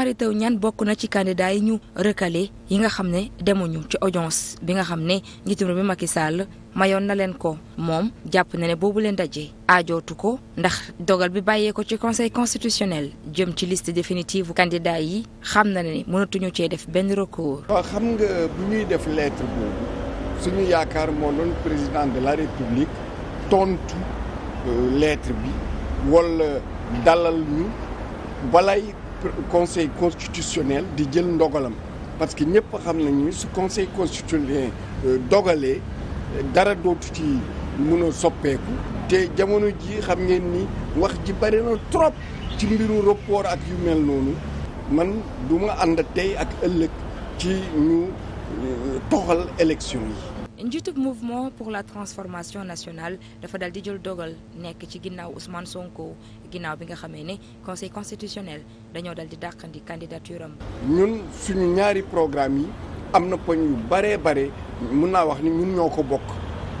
Mary Teuw Niane bokk na ci candidat yi ñu recalé yi nga xam ne demuñu ci audience bi nga xam ne njiitu réew mi Macky Sall mayoon na leen ko moom jàpp na ne boobu leen daje ajootu ko ndax dogal bi bàyyee ko ci conseil constitutionnel jëm ci liste définitive candidat yi xam na ne mënatuñu cee def benn recours. waaw xam nga bu ñuy def lettre boobu suñu yaakaar moo doon président de la république tontu euh, lettre bi wala dalal ñu balay. conseil constitutionnel di jël ndogalam parce que ñëpp xam nañu su conseil constitutionnel euh, dogalee dara dootu ci mën a soppeeku te jamono ji xam ngeen ni wax ji bari trop ci mbiru rapport ak yu mel noonu man duma ma ànd tey ak ëllëg ci ñu euh, toxal élection yi njiitub mouvement pour la transformation nationale dafa dal di jël dogal nekk ci ginnaaw Ousmane Sonko ginnaaw bi nga xamee ne conseil constitutionnel dañoo dal di dàqandi candidature am. ñun suñu ñaari programme yi am na poñ yu baree bare mun naa wax ni ñun ñoo ko bokk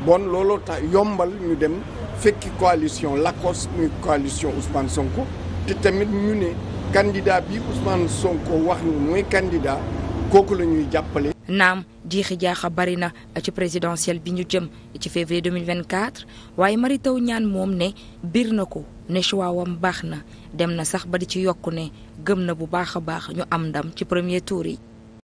bon looloo tax yombal ñu dem fekki coalition LACOS muy coalition Ousmane Sonko te tamit ñu ne candidat bi Ousmane Sonko wax ni mooy candidat kooku la ñuy jàppale. naam jiixi jaaxa bari na ci présidentielle bi ñu jëm ci février 2024 waaye Mary ñaan moom ne biir na ko ne choix baax na dem na sax ba di ci yokk ne gëm na bu baax a baax ñu am ndam ci premier tour yi.